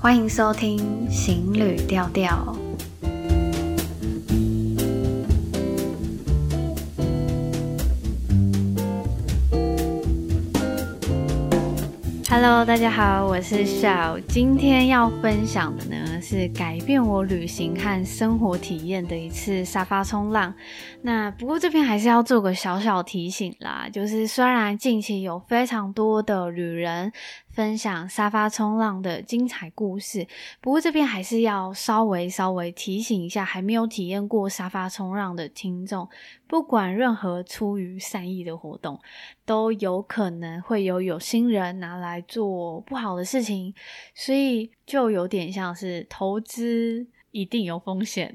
歡迎收聽《行旅調調》。Hello，大家好，我是小，嗯。今天要分享的呢是改變我旅行和生活體驗的一次沙發衝浪。那不過這邊還是要做個小小提醒啦，就是雖然近期有非常多的旅人。分享沙發衝浪的精彩故事，不過這邊還是要稍微稍微提醒一下，還沒有體驗過沙發衝浪的聽眾，不管任何出於善意的活動，都有可能會有有心人拿來做不好的事情，所以就有點像是投資。一定有風險，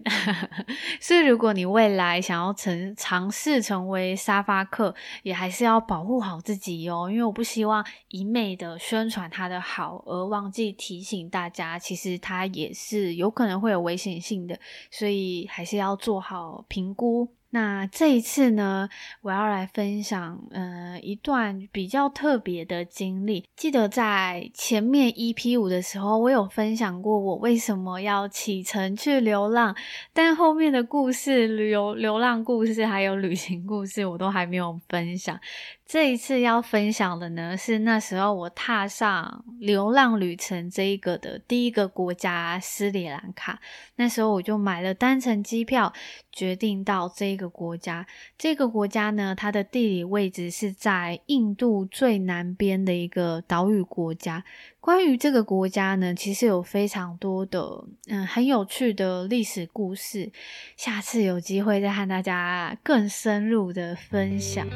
所以如果你未來想要成嘗試成為沙發客，也還是要保護好自己哦。因為我不希望一味的宣傳它的好，而忘記提醒大家，其實它也是有可能會有危險性的，所以還是要做好評估。那這一次呢，我要來分享，呃，一段比較特別的經歷。記得在前面 EP 五的時候，我有分享過我為什麼要啟程去流浪，但後面的故事，旅遊、流浪故事，還有旅行故事，我都還沒有分享。這一次要分享的呢，是那時候我踏上流浪旅程這一個的第一個國家，斯里蘭卡。那時候我就買了單程機票，決定到這個國家。這個國家呢，它的地理位置是在印度最南邊的一個島嶼國家。關於這個國家呢，其實有非常多的，嗯，很有趣的歷史故事。下次有機會再和大家更深入的分享。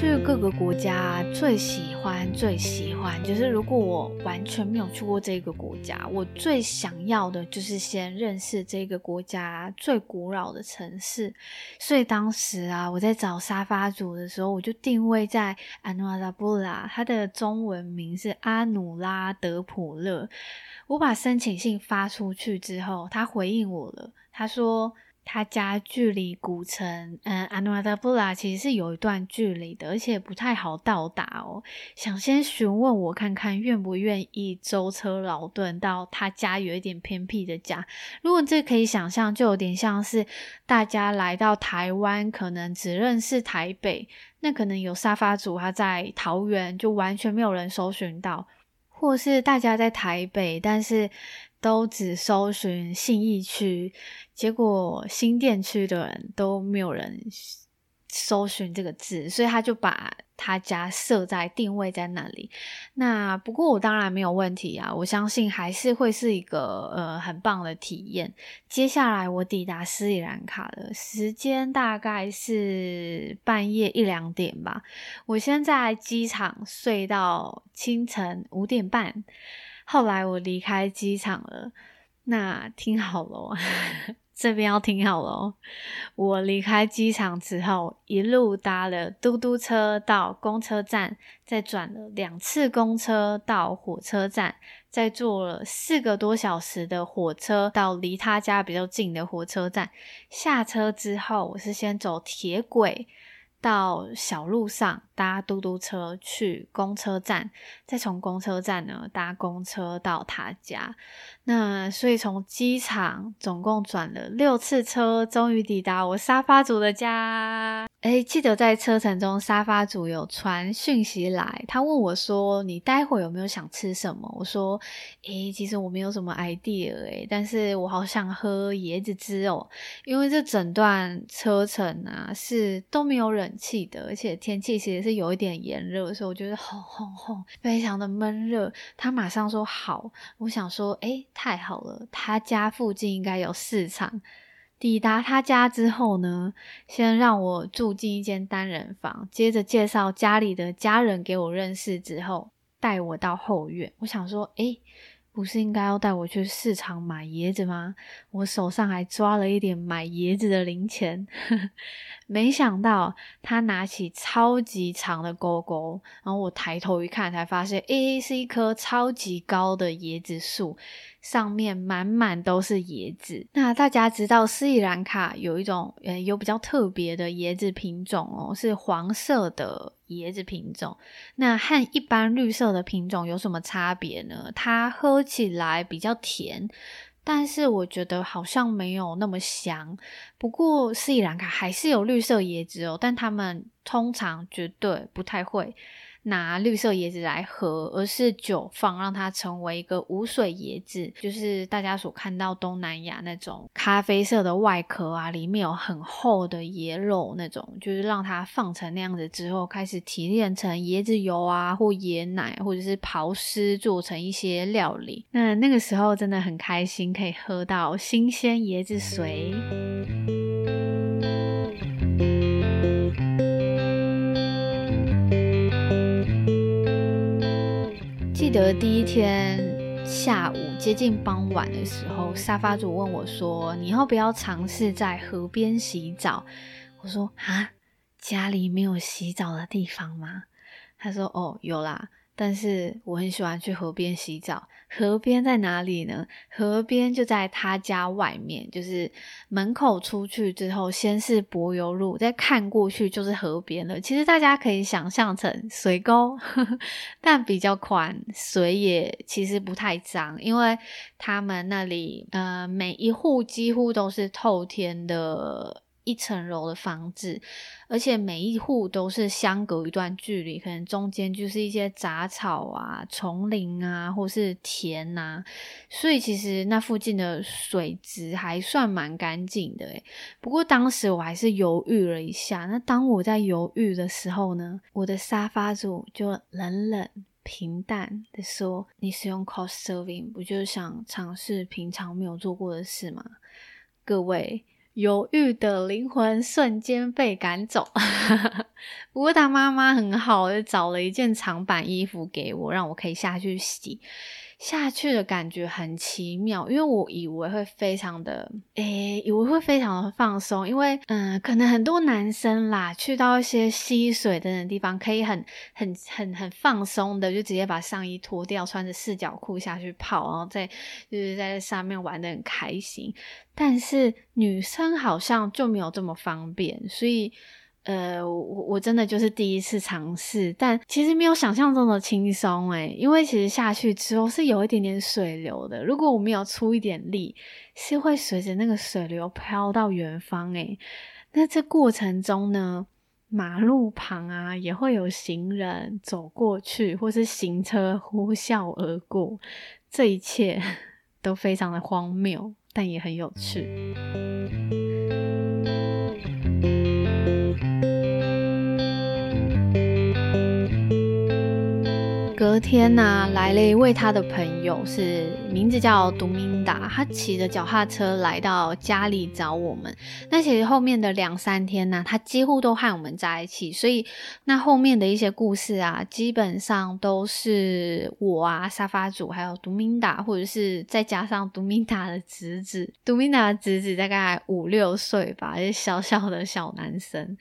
去各個國家最喜歡最喜歡，就是如果我完全沒有去過這個國家，我最想要的就是先認識這個國家最古老的城市。所以當時啊，我在找沙發主的時候，我就定位在 Anuradhapura，它的中文名是阿努拉德普勒。我把申請信發出去之後，他回應我了，他說。他家距離古城，嗯，Anuradhapura 其實是有一段距離的，而且不太好到達哦。想先詢問我，看看願不願意舟車勞頓到他家，有一點偏僻的家。如果這可以想象，就有點像是大家來到台灣，可能只認識台北，那可能有沙發主他在桃園，就完全沒有人搜尋到，或是大家在台北，但是。都只搜尋信義區，結果新店區的人都沒有人搜尋這個字，所以他就把他家設在定位在那裡。那不過我當然沒有問題啊，我相信還是會是一個呃很棒的體驗。接下來我抵達斯里蘭卡的時間大概是半夜一兩點吧，我先在機場睡到清晨五點半。後來我離開機場了，那聽好嘍，這邊要聽好嘍。我離開機場之後，一路搭了嘟嘟車到公車站，再轉了兩次公車到火車站，再坐了四個多小時的火車到離他家比較近的火車站。下車之後，我是先走鐵軌。到小路上搭嘟嘟車去公車站，再從公車站呢，搭公車到他家。那所以從機場總共轉了六次車，終於抵達我沙發主的家。誒、欸、記得在車程中，沙發主有傳訊息來，他問我說：“你待會有沒有想吃什麼？”我說：“誒、欸、其實我沒有什麼 idea，誒、欸、但是我好想喝椰子汁哦，因為這整段車程啊是都沒有冷氣的，而且天氣其實是有一點炎熱，所以我覺得好，轟轟轟非常的悶熱。”他馬上說：“好。”我想說：“哎、欸，太好了，他家附近應該有市場。”抵達他家之後呢，先讓我住進一間單人房，接着介紹家裡的家人給我認識之後，帶我到後院。我想說，欸，不是應該要帶我去市場買椰子嗎？我手上還抓了一點買椰子的零錢。 沒想到他拿起超級長的鈎鈎，然後我抬頭一看，才發現，欸，是一棵超級高的椰子樹。上面滿滿都是椰子。那大家知道斯里蘭卡有一種，有比較特別的椰子品種哦，是黃色的椰子品種。那和一般綠色的品種有什麼差別呢？它喝起來比較甜，但是我覺得好像沒有那麼香。不過斯里蘭卡還是有綠色椰子哦，但他們通常絕對不太會。拿綠色椰子來喝，而是久放讓它成為一個無水椰子，就是大家所看到東南亞那種咖啡色的外殼啊，裡面有很厚的椰肉那種，就是讓它放成那樣子之後，開始提煉成椰子油啊，或椰奶，或者是刨絲做成一些料理。那那個時候真的很開心，可以喝到新鮮椰子水。記得第一天下午接近傍晚的時候，沙發主問我說：“你要不要嘗試在河邊洗澡？”我說：“啊，家裡沒有洗澡的地方嗎？”他說：“哦，有啦。”但是我很喜歡去河邊洗澡。河邊在哪裡呢？河邊就在他家外面，就是門口出去之後，先是柏油路，再看過去就是河邊了。其實大家可以想象成水溝，呵呵，但比較寬，水也其實不太髒，因為他們那裡，呃，每一戶幾乎都是透天的。一層樓的房子，而且每一戶都是相隔一段距離，可能中間就是一些雜草啊、叢林啊，或是田啊。所以其實那附近的水質還算蠻乾淨的。不過當時我還是猶豫了一下。那當我在猶豫的時候呢，我的沙發主就冷冷平淡的說：“你使用 Couchsurfing，不就是想嘗試平常沒有做過的事嗎？”各位。猶豫的靈魂瞬間被趕走。不過他媽媽很好，就找了一件長版衣服給我，讓我可以下去洗。下去的感覺很奇妙，因為我以為會非常的，誒、欸，以為會非常的放鬆，因為，嗯，可能很多男生啦，去到一些溪水的地方，可以很、很、很、很放鬆的，就直接把上衣脫掉，穿着四角褲下去泡，然後在就是在上面玩得很開心。但是女生好像就沒有這麼方便，所以。呃，我我真的就是第一次嘗試，但其實沒有想象中的輕鬆哎，因為其實下去之後是有一點點水流的，如果我們有出一點力，是會隨着那個水流飄到遠方哎。那這過程中呢，馬路旁啊也會有行人走過去，或是行車呼嘯而過，這一切都非常的荒謬，但也很有趣。天吶、啊，來了一位他的朋友，是名字叫杜明達，他騎着腳踏車來到家裡找我們。那其實後面的兩三天呢、啊，他幾乎都和我們在一起，所以那後面的一些故事啊，基本上都是我啊，沙發主，還有杜明達，或者是再加上杜明達的侄子，杜明達的侄子大概五六歲吧，一些小小的小男生。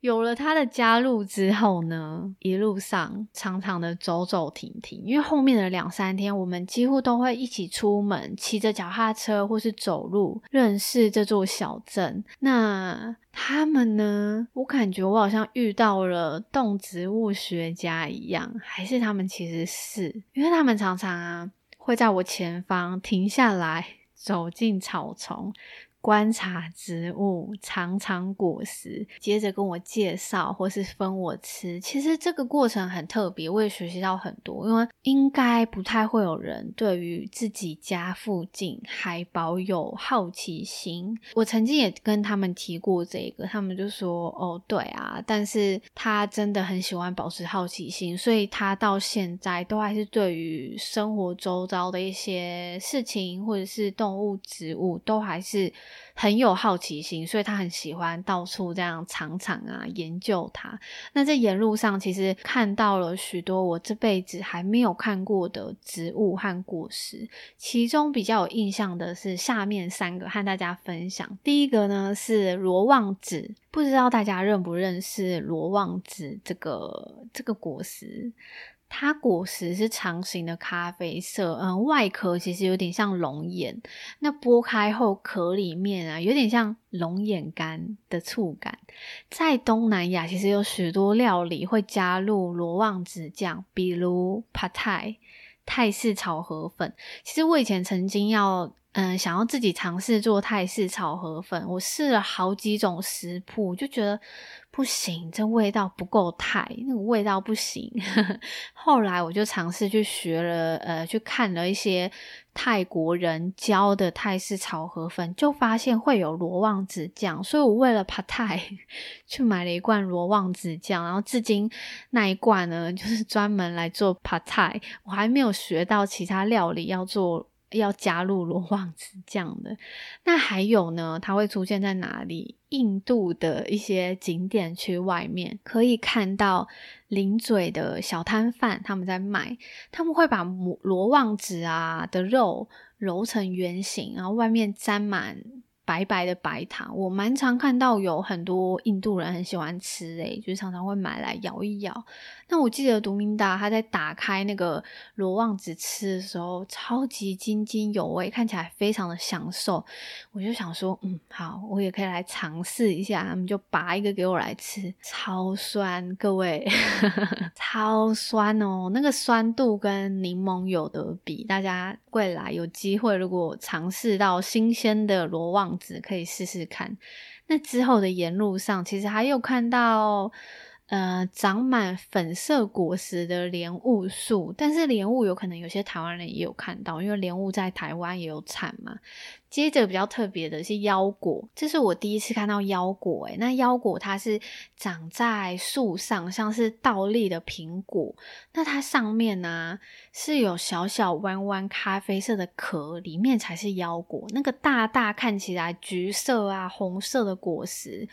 有了他的加入之後呢，一路上常常的走走停停，因為後面的兩三天，我們幾乎都會一起出門，騎着腳踏車或是走路，認識這座小鎮。那他們呢？我感覺我好像遇到了動植物學家一樣，還是他們其實是，因為他們常常啊會在我前方停下來，走進草叢。觀察植物、嘗嘗果實，接着跟我介紹，或是分我吃。其實這個過程很特別，我也學習到很多。因為應該不太會有人對於自己家附近還保有好奇心。我曾經也跟他們提過這個，他們就說：“哦，對啊。”但是他真的很喜歡保持好奇心，所以他到現在都還是對於生活周遭的一些事情，或者是動物、植物，都還是。很有好奇心，所以他很喜歡到處這樣嘗嘗啊，研究它。那在沿路上，其實看到了許多我這輩子還沒有看過的植物和果實，其中比較有印象的是下面三個，和大家分享。第一個呢，是羅望子，不知道大家認不認識羅望子這個這個果實。它果實是長形的咖啡色，嗯、呃，外殼其實有點像龍眼，那剝開後殼裡面啊，有點像龍眼乾的觸感。在東南亞，其實有許多料理會加入羅望子醬，比如帕泰泰式炒河粉。其實我以前曾經要。嗯，想要自己嘗試做泰式炒河粉，我試了好幾種食譜，我就覺得不行，這味道不夠泰，那個味道不行。 後來我就嘗試去學了，呃，去看了一些泰國人教的泰式炒河粉，就發現會有羅望子醬，所以我為了 Pad Thai 去買了一罐羅望子醬，然後至今那一罐呢，就是專門來做 Pad Thai，我還沒有學到其他料理要做。要加入羅望子這樣的，那還有呢？它會出現在哪裡？印度的一些景點區外面可以看到零嘴的小攤販，他們在賣，他們會把羅望子啊的肉揉成圓形，然後外面沾滿。白白的白糖，我蠻常看到有很多印度人很喜歡吃、欸，誒，就常常會買來搖一搖。那我記得獨明達他在打開那個羅望子吃的時候，超級津津有味，看起來非常的享受。我就想說，嗯，好，我也可以來嘗試一下。他們就拔一個給我來吃，超酸，各位， 超酸哦，那個酸度跟檸檬有得比。大家未來有機會如果嘗試到新鮮的羅望子，可以試試看，那之後的沿路上，其實還有看到。呃，長滿粉色果實的蓮霧樹，但是蓮霧有可能有些台灣人也有看到，因為蓮霧在台灣也有產嘛。接着比較特別的是腰果，這是我第一次看到腰果，欸，誒，那腰果它是長在樹上，像是倒立的蘋果，那它上面呢、啊、是有小小彎彎咖啡色的殼，裡面才是腰果，那個大大看起來橘色啊，紅色的果實。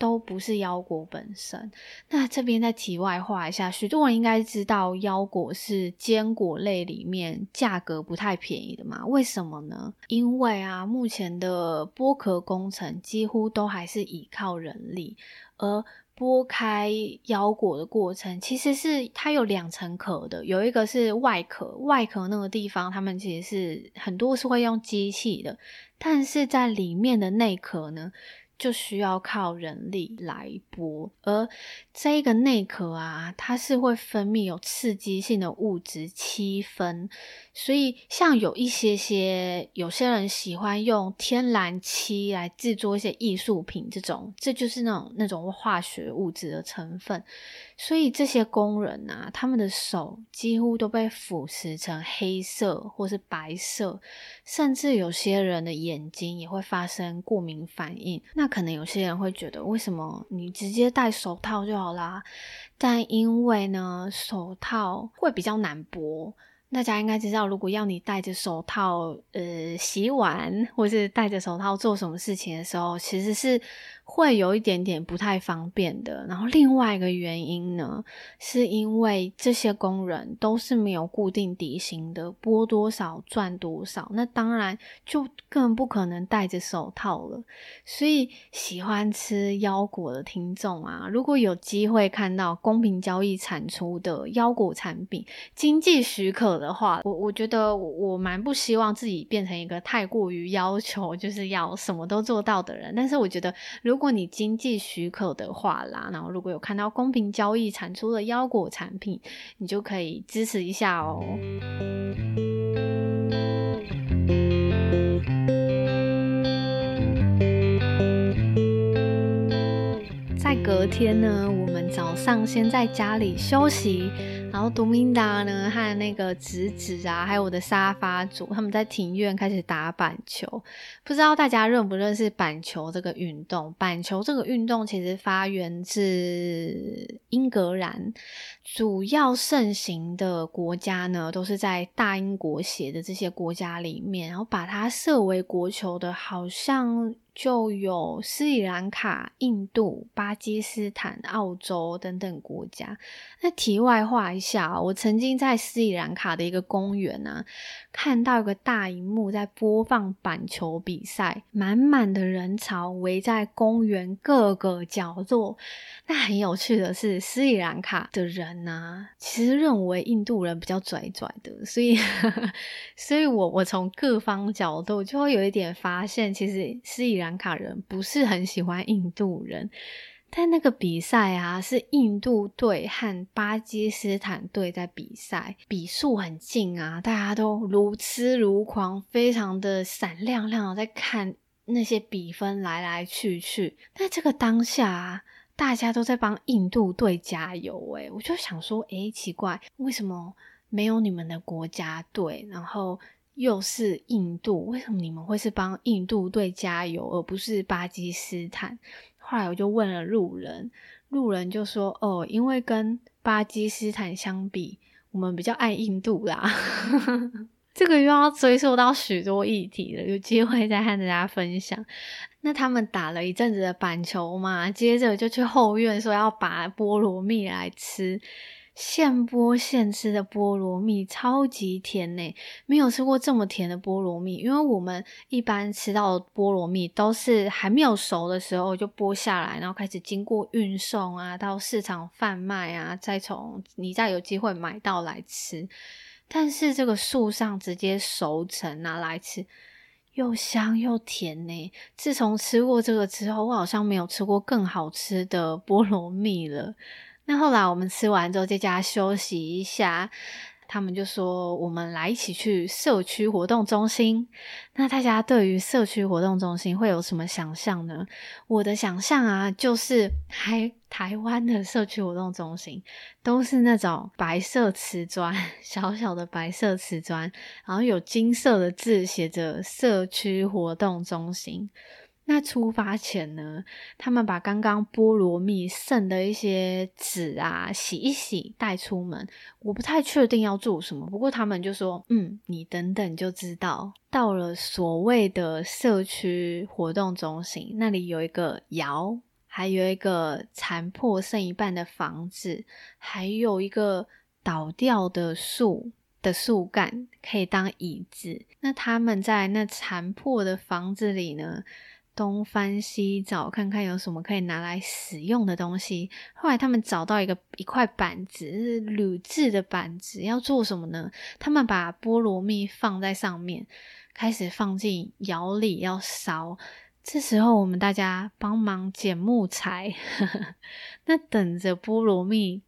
都不是腰果本身。那這邊再題外話一下，許多人應該知道腰果是堅果類裡面價格不太便宜的嘛，為什麼呢？因為啊，目前的剝殼工程幾乎都還是依靠人力，而剝開腰果的過程，其實是它有兩層殼的，有一個是外殼，外殼那個地方他們其實是很多是會用機器的，但是在裡面的內殼呢，就需要靠人力來剝，而這個內殼啊，它是會分泌有刺激性的物質漆酚。所以像有一些些有些人喜歡用天然漆來制作一些藝術品，這種，這就是那種那種化學物質的成分，所以這些工人啊，他們的手幾乎都被腐蝕成黑色或是白色，甚至有些人的眼睛也會發生過敏反應。那可能有些人會覺得，為什麼你直接戴手套就好啦？但因為呢，手套會比較難剝。大家應該知道，如果要你戴着手套，呃，洗碗或是戴着手套做什麼事情的時候，其實是。會有一點點不太方便的。然後另外一個原因呢，是因為這些工人都是沒有固定底薪的，剝多少賺多少。那當然就更不可能戴着手套了。所以喜歡吃腰果的聽眾啊，如果有機會看到公平交易產出的腰果產品，經濟許可的話，我我覺得我我蠻不希望自己變成一個太過於要求，就是要什麼都做到的人。但是我覺得如果如果你經濟許可的話啦，然後如果有看到公平交易產出的腰果產品，你就可以支持一下哦、喔。在隔天呢，我們早上先在家裡休息。然後，杜明達呢和那個侄子啊，還有我的沙發主，他們在庭院開始打板球。不知道大家認不認識板球這個運動？板球這個運動其實發源自英格蘭，主要盛行的國家呢都是在大英國協的這些國家裡面，然後把它設為國球的，好像。就有斯里蘭卡、印度、巴基斯坦、澳洲等等國家。那題外話一下，我曾經在斯里蘭卡的一個公園啊，看到一個大熒幕在播放板球比賽，滿滿的人潮圍在公園各個角落。那很有趣的是，斯里蘭卡的人呢、啊，其實認為印度人比較拽拽的，所以， 所以我我從各方角度就會有一點發現，其實斯里蘭。卡人不是很喜歡印度人，但那個比賽啊，是印度隊和巴基斯坦隊在比賽，比數很近啊，大家都如痴如狂，非常的閃亮亮的在看那些比分來來去去。在這個當下啊，大家都在幫印度隊加油、欸，誒，我就想說，誒、欸，奇怪，為什麼沒有你們的國家隊？然後。又是印度，為什麼你們會是幫印度隊加油，而不是巴基斯坦？後來我就問了路人，路人就說：“哦，因為跟巴基斯坦相比，我們比較愛印度啦。 ”這個又要追溯到許多議題了，有機會再和大家分享。那他們打了一陣子的板球嘛，接着就去後院說要拔菠蘿蜜來吃。現剝現吃的菠蘿蜜超級甜呢、欸，沒有吃過這麼甜的菠蘿蜜。因為我們一般吃到菠蘿蜜都是還沒有熟的時候就剝下來，然後開始經過運送啊，到市場販賣啊，再從你再有機會買到來吃。但是這個樹上直接熟成啊來吃，又香又甜呢、欸。自從吃過這個之後，我好像沒有吃過更好吃的菠蘿蜜了。那後來我們吃完之後在家休息一下，他們就說，我們來一起去社區活動中心。那大家對於社區活動中心會有什麼想象呢？我的想象啊，就是台台灣的社區活動中心，都是那種白色瓷磚，小小的白色瓷磚，然後有金色的字寫着“社區活動中心”。那出發前呢，他們把剛剛菠蘿蜜剩的一些籽啊洗一洗帶出門。我不太確定要做什麼，不過他們就說：“嗯，你等等就知道。”到了所謂的社區活動中心，那裡有一個窯，還有一個殘破剩一半的房子，還有一個倒掉的樹的樹幹可以當椅子。那他們在那殘破的房子裡呢，東翻西找，看看有什麼可以拿來使用的東西。後來他們找到一個一塊板子，是鋁製的板子。要做什麼呢？他們把菠蘿蜜放在上面，開始放進窯裡要燒。這時候我們大家幫忙撿木材。 那等着菠蘿蜜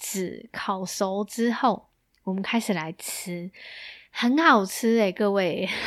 紙烤熟之後，我們開始來吃，很好吃哎，各位。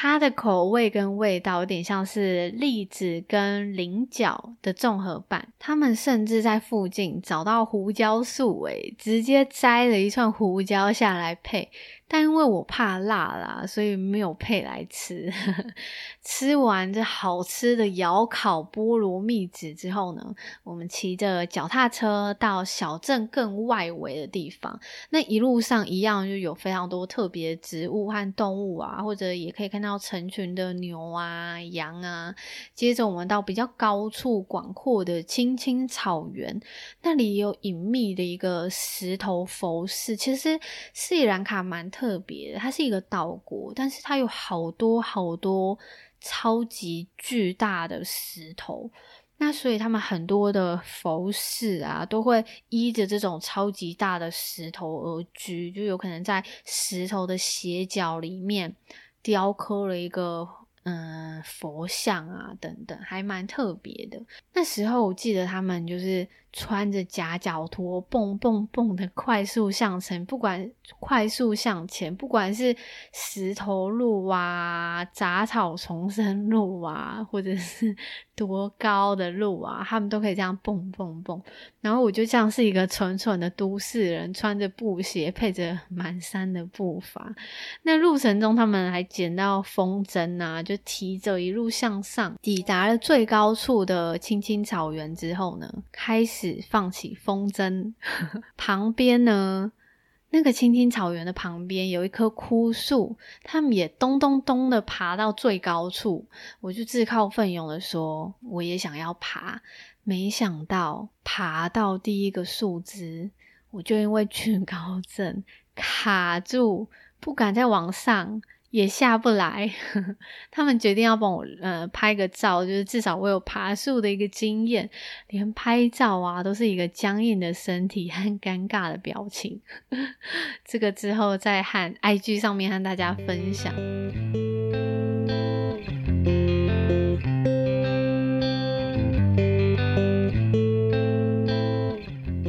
它的口味跟味道有點像是栗子跟菱角的綜合版。他們甚至在附近找到胡椒樹，欸，誒直接摘了一串胡椒下來配。但因為我怕辣啦，所以沒有配來吃。 吃完這好吃的窑烤菠蘿蜜籽之後呢，我們騎着腳踏車到小鎮更外圍的地方。那一路上一樣就有非常多特別的植物和動物啊，或者也可以看到成群的牛啊、羊啊。接着我們到比較高處、廣闊的青青草原，那裡有隱秘的一個石頭佛寺。其實斯里蘭卡蠻。特別的，它是一個島國，但是它有好多好多超級巨大的石頭，那所以他們很多的佛寺啊，都會依着這種超級大的石頭而居，就有可能在石頭的斜角裡面雕刻了一個嗯、呃、佛像啊等等，還蠻特別的。那時候我記得他們就是。穿着夾腳拖，蹦蹦蹦的快速向前，不管快速向前，不管是石頭路啊、雜草叢生路啊，或者是多高的路啊，他們都可以這樣蹦蹦蹦。然後我就像是一個蠢蠢的都市人，穿着布鞋，配着蹣跚的步伐。那路程中，他們還撿到風箏啊，就提着一路向上，抵達了最高處的青青草原之後呢，開始。放起風箏， 旁邊呢，那個青青草原的旁邊有一棵枯樹，他們也咚咚咚的爬到最高處，我就自告奮勇的說我也想要爬，沒想到爬到第一個樹枝，我就因為懼高症卡住，不敢再往上。也下不來，呵呵，他們決定要幫我呃拍個照，就是至少我有爬樹的一個經驗，連拍照啊都是一個僵硬的身體和尷尬的表情，呵呵，這個之後再和 IG 上面和大家分享。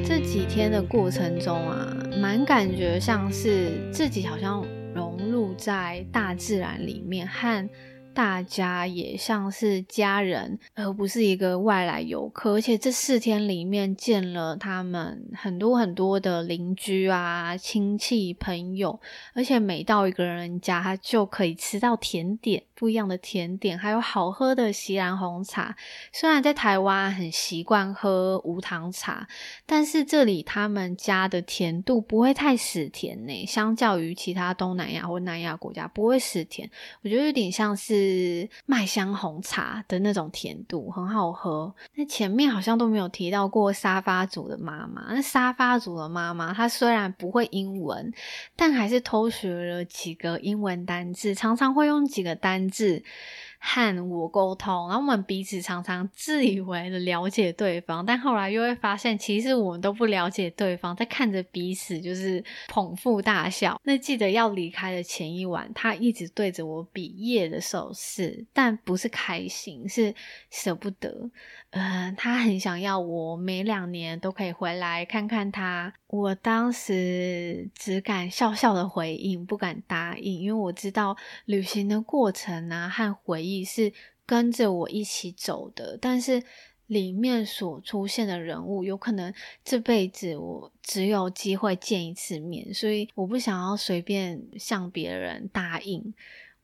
這幾天的過程中啊，蠻感覺像是自己好像。融入在大自然裡面，和大家也像是家人，而不是一個外來遊客。而且這四天裡面見了他們很多很多的鄰居啊、親戚朋友，而且每到一個人家，他就可以吃到甜點。不一樣的甜點，還有好喝的錫蘭紅茶。雖然在台灣很習慣喝無糖茶，但是這裡他們家的甜度不會太死甜呢、欸。相較於其他東南亞或南亞國家，不會死甜，我覺得有點像是麥香紅茶的那種甜度，很好喝。那前面好像都沒有提到過沙發族的媽媽。那沙發族的媽媽，她雖然不會英文，但還是偷學了幾個英文單字，常常會用幾個單字，是和我溝通，然後我們彼此常常自以為的了解對方，但後來又會發現，其實我們都不了解對方，在看着彼此就是捧腹大笑。那記得要離開的前一晚，他一直對着我比耶的手勢，但不是開心，是捨不得。嗯、呃，他很想要我每兩年都可以回來看看他。我當時只敢笑笑的回應，不敢答應，因為我知道旅行的過程啊，和回憶是跟着我一起走的，但是裡面所出現的人物，有可能這輩子我只有機會見一次面，所以我不想要隨便向別人答應。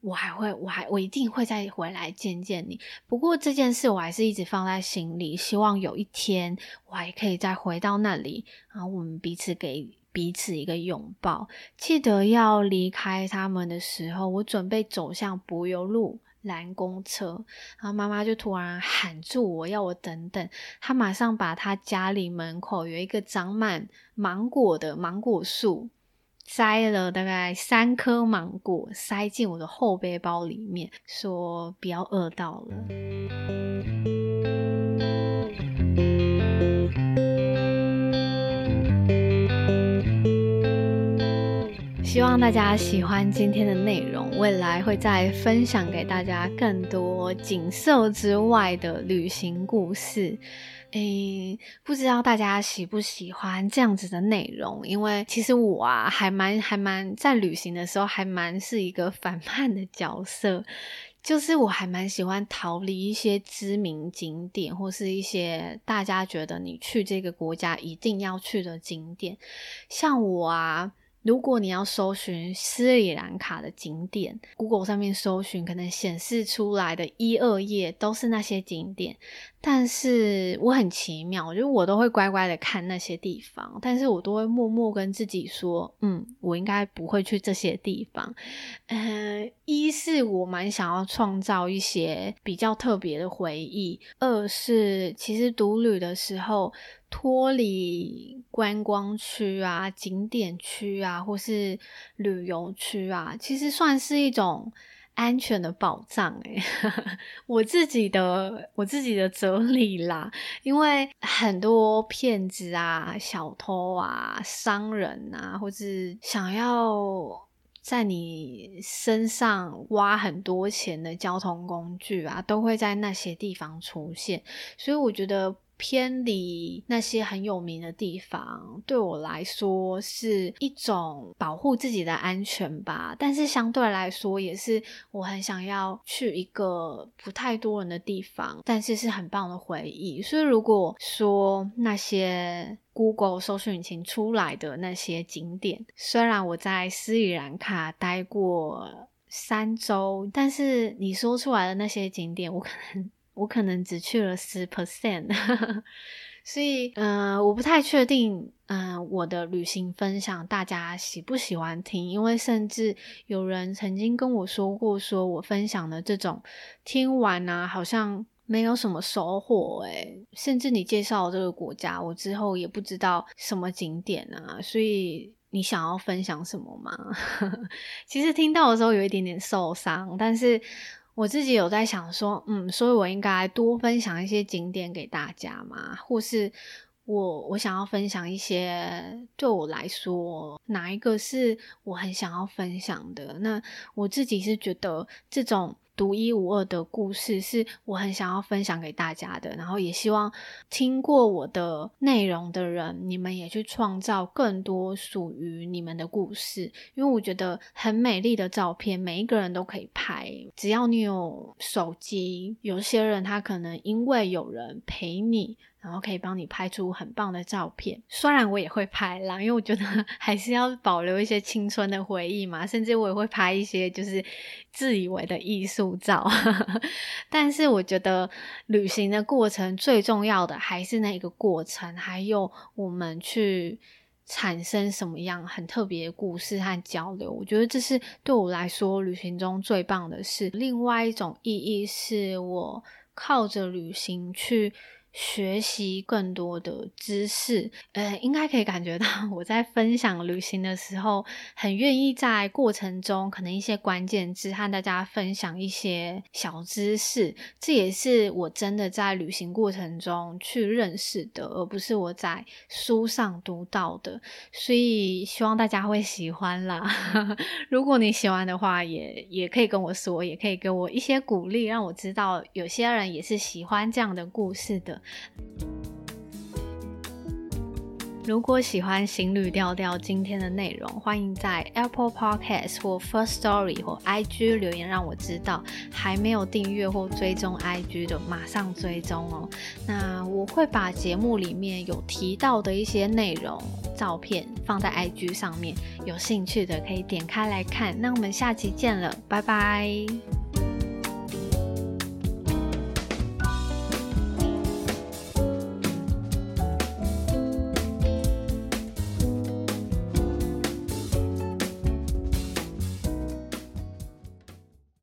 我還會，我還，我一定會再回來見見你。不過這件事我還是一直放在心裡，希望有一天我還可以再回到那裡，然後我們彼此給彼此一個擁抱。記得要離開他們的時候，我準備走向柏油路攔公車，然後媽媽就突然喊住我，要我等等。她馬上把她家裡門口有一個長滿芒果的芒果樹。塞了大概三顆芒果，塞進我的後背包裡面，說不要餓到了。希望大家喜歡今天的內容，未來會再分享給大家更多景色之外的旅行故事。誒、欸，不知道大家喜不喜歡這樣子的內容？因為其實我啊，還蠻還蠻在旅行的時候，還蠻是一個反叛的角色。就是我還蠻喜歡逃離一些知名景點，或是一些大家覺得你去這個國家一定要去的景點。像我啊，如果你要搜尋斯里蘭卡的景點，Google 上面搜尋，可能顯示出來的一二頁都是那些景點。但是我很奇妙，我覺得我都會乖乖的看那些地方，但是我都會默默跟自己說，嗯，我應該不會去這些地方。嗯、呃，一是我蠻想要創造一些比較特別的回憶，二是其實獨旅的時候脫離觀光區啊、景點區啊或是旅遊區啊，其實算是一種。安全的保障，欸呵呵，我自己的我自己的哲理啦，因為很多騙子啊、小偷啊、商人啊，或是想要在你身上挖很多錢的交通工具啊，都會在那些地方出現，所以我覺得。偏離那些很有名的地方，對我來說是一種保護自己的安全吧。但是相對來說，也是我很想要去一個不太多人的地方，但是是很棒的回憶。所以如果說那些 Google 搜索引擎出來的那些景點，雖然我在斯里蘭卡待過三周，但是你說出來的那些景點，我可能。我可能只去了十 percent， 所以，嗯、呃，我不太確定，嗯、呃，我的旅行分享大家喜不喜歡聽？因為甚至有人曾經跟我說過，說我分享的這種聽完啊，好像沒有什麼收穫誒、欸，甚至你介紹這個國家，我之後也不知道什麼景點啊。所以，你想要分享什麼嗎？ 其實聽到的時候有一點點受傷，但是。我自己有在想說，嗯，所以我應該多分享一些景點給大家嗎？或是我我想要分享一些，對我來說，哪一個是我很想要分享的？那我自己是覺得這種。獨一無二的故事是我很想要分享給大家的，然後也希望聽過我的內容的人，你們也去創造更多屬於你們的故事。因為我覺得很美麗的照片，每一個人都可以拍，只要你有手機。有些人他可能因為有人陪你，然後可以幫你拍出很棒的照片。雖然我也會拍啦，因為我覺得還是要保留一些青春的回憶嘛。甚至我也會拍一些就是自以為的藝術。枯燥，但是我覺得旅行的過程最重要的還是那一個過程，還有我們去產生什麼樣很特別的故事和交流。我覺得這是對我來說旅行中最棒的事。另外一種意義是我靠着旅行去。學習更多的知識，呃，應該可以感覺到我在分享旅行的時候，很願意在過程中可能一些關鍵字和大家分享一些小知識，這也是我真的在旅行過程中去認識的，而不是我在書上讀到的。所以希望大家會喜歡啦。 如果你喜歡的話，也也可以跟我說，也可以給我一些鼓勵，讓我知道有些人也是喜歡這樣的故事的。如果喜歡行旅調調，今天的內容，歡迎在 Apple Podcast 或 First Story 或 IG 留言讓我知道。還沒有訂閱或追蹤 IG 的，馬上追蹤哦。那我會把節目裡面有提到的一些內容、照片放在 IG 上面，有興趣的可以點開來看。那我們下期見了，拜拜。